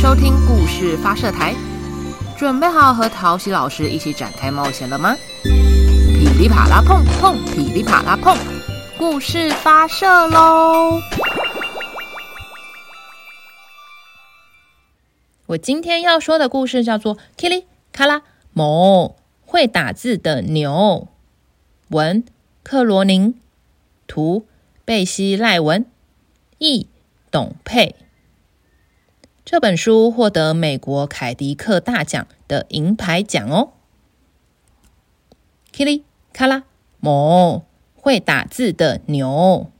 收聽故事發射台，準備好和陶西老師一起展開冒險了嗎？噼里啪啦碰碰，噼里啪啦碰，故事發射嘍！我今天要說的故事叫做《喀哩，喀啦，哞，會打字的牛》，文：克羅寧，圖：貝西賴文，譯：董佩。這本書獲得美國凱迪克大獎的銀牌獎哦。喀哩，喀啦，哞，會打字的牛，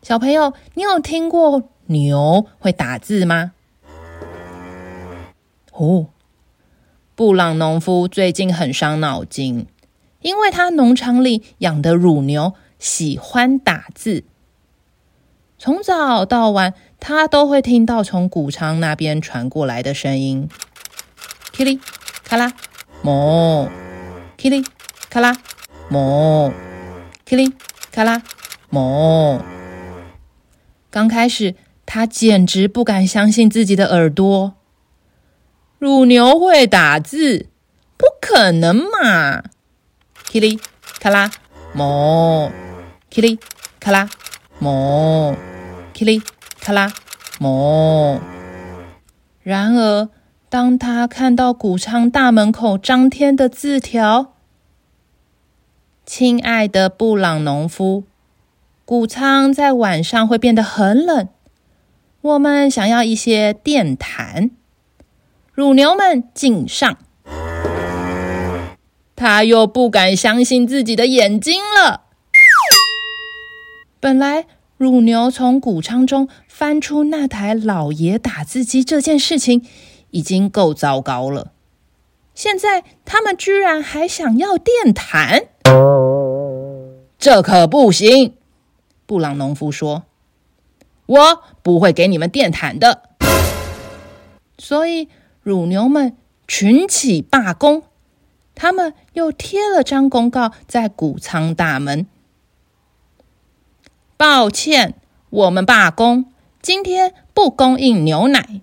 小朋友，你有聽過牛會打字嗎？哦，布朗農夫最近很傷腦筋，因為他農場裡養的乳牛喜歡打字。從早到晚，他都會聽到從穀倉那邊傳過來的聲音：喀哩，喀啦，哞，喀哩，喀啦，哞，喀哩，喀啦，哞。剛開始，他簡直不敢相信自己的耳朵，乳牛會打字，不可能嘛！喀哩，喀啦，哞，喀哩，喀啦，哞。喀哩，喀啦，哞！然而，當他看到穀倉大門口張貼的字條：“親愛的布朗農夫，穀倉在晚上會變得很冷，我們想要一些電毯，乳牛們敬上。”他又不敢相信自己的眼睛了。本來。乳牛從穀倉中翻出那台老爺打字機這件事情已經夠糟糕了，現在他們居然還想要電毯，這可不行！布朗農夫說：“我不會給你們電毯的。”所以乳牛們群起罷工，他們又貼了張公告在穀倉大門。抱歉，我們罷工，今天不供應牛奶。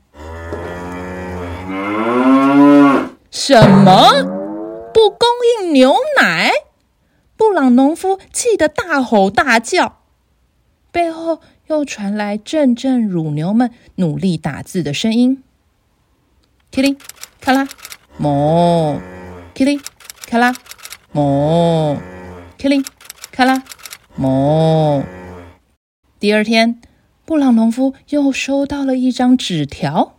嗯。什麼？不供應牛奶？布朗農夫氣得大吼大叫，背後又傳來陣陣乳牛們努力打字的聲音：“喀哩，喀啦，哞；喀哩，喀啦，哞；喀哩，喀啦，哞。”第二天，布朗農夫又收到了一張紙條：“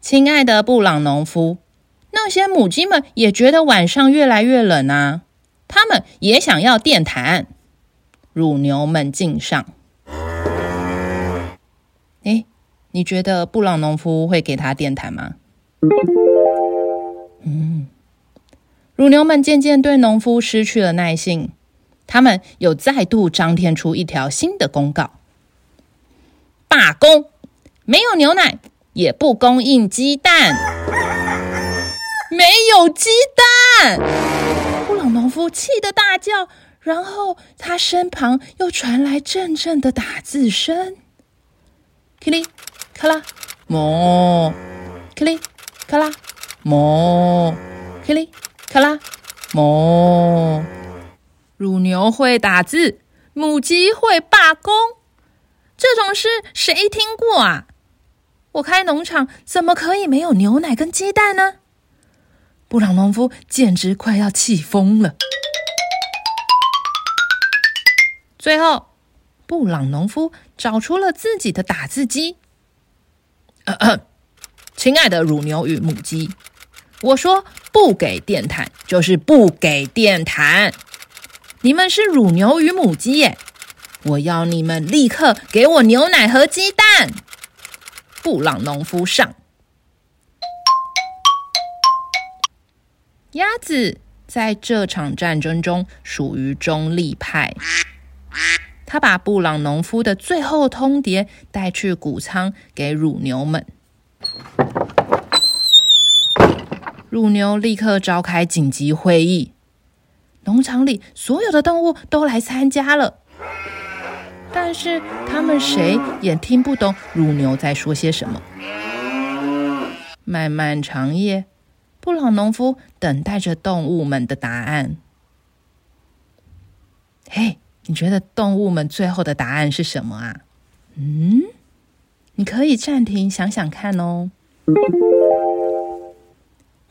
親愛的布朗農夫，那些母雞們也覺得晚上越來越冷啊，牠們也想要電毯。乳牛們敬上。”哎，你覺得布朗農夫會給他電毯嗎？嗯，乳牛們漸漸對農夫失去了耐性。他們又再度張貼出一條新的公告：罷工，沒有牛奶，也不供應雞蛋。啊啊、沒有雞蛋！布朗農夫氣得大叫，然後他身旁又傳來陣陣的打字聲：喀哩喀啦哞，喀哩喀啦哞，喀哩喀啦哞。乳牛會打字，母雞會罷工，這種事誰聽過啊？我開農場怎麼可以沒有牛奶跟雞蛋呢？布朗農夫簡直快要氣瘋了。最後，布朗農夫找出了自己的打字機。咳咳，親愛的乳牛與母雞，我說不給電毯，就是不給電毯。你們是乳牛與母雞耶！我要你們立刻給我牛奶和雞蛋。布朗農夫上。鴨子在這場戰爭中屬於中立派，他把布朗農夫的最後通牒帶去谷倉給乳牛們。乳牛立刻召開緊急會議。農場裡所有的動物都來參加了，但是他們誰也聽不懂乳牛在說些什麼。漫漫長夜，布朗農夫等待着動物們的答案。嘿，你覺得動物們最後的答案是什麼啊？嗯，你可以暫停想想看哦。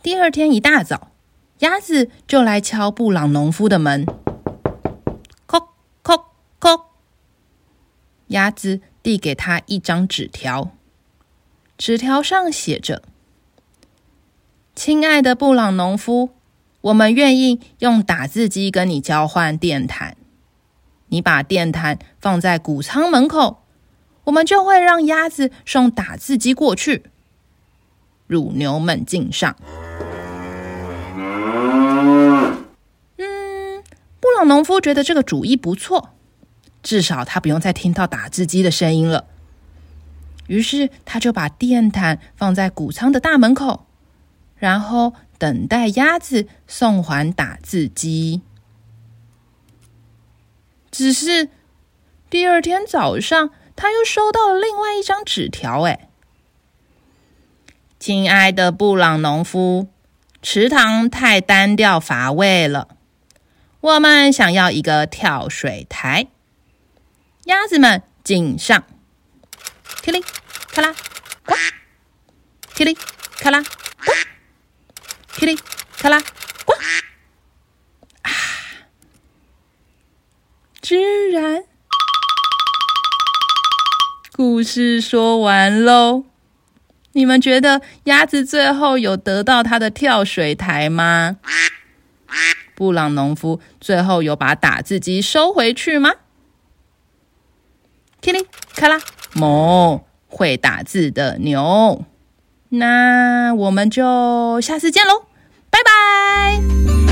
第二天一大早。鴨子就來敲布朗農夫的門，叩叩叩。鴨子遞給他一張紙條，紙條上寫着：“親愛的布朗農夫，我們願意用打字機跟你交換電毯。你把電毯放在谷倉門口，我們就會讓鴨子送打字機過去。”乳牛們敬上。農夫覺得這個主意不錯，至少他不用再聽到打字機的聲音了。於是，他就把電毯放在穀倉的大門口，然後等待鴨子送還打字機。只是第二天早上，他又收到了另外一張紙條：“哎，親愛的布朗農夫，池塘太單調乏味了。”我們想要一個跳水台，鴨子們，敬上。喀哩，喀啦，呱，喀哩，喀啦，呱，喀哩，喀啦，呱，啊！居然，故事說完嘍。你們覺得鴨子最後有得到它的跳水台嗎？布朗農夫最後有把打字機收回去嗎？喀哩，喀啦，哞，會打字的牛，那我們就下次見嘍，拜拜。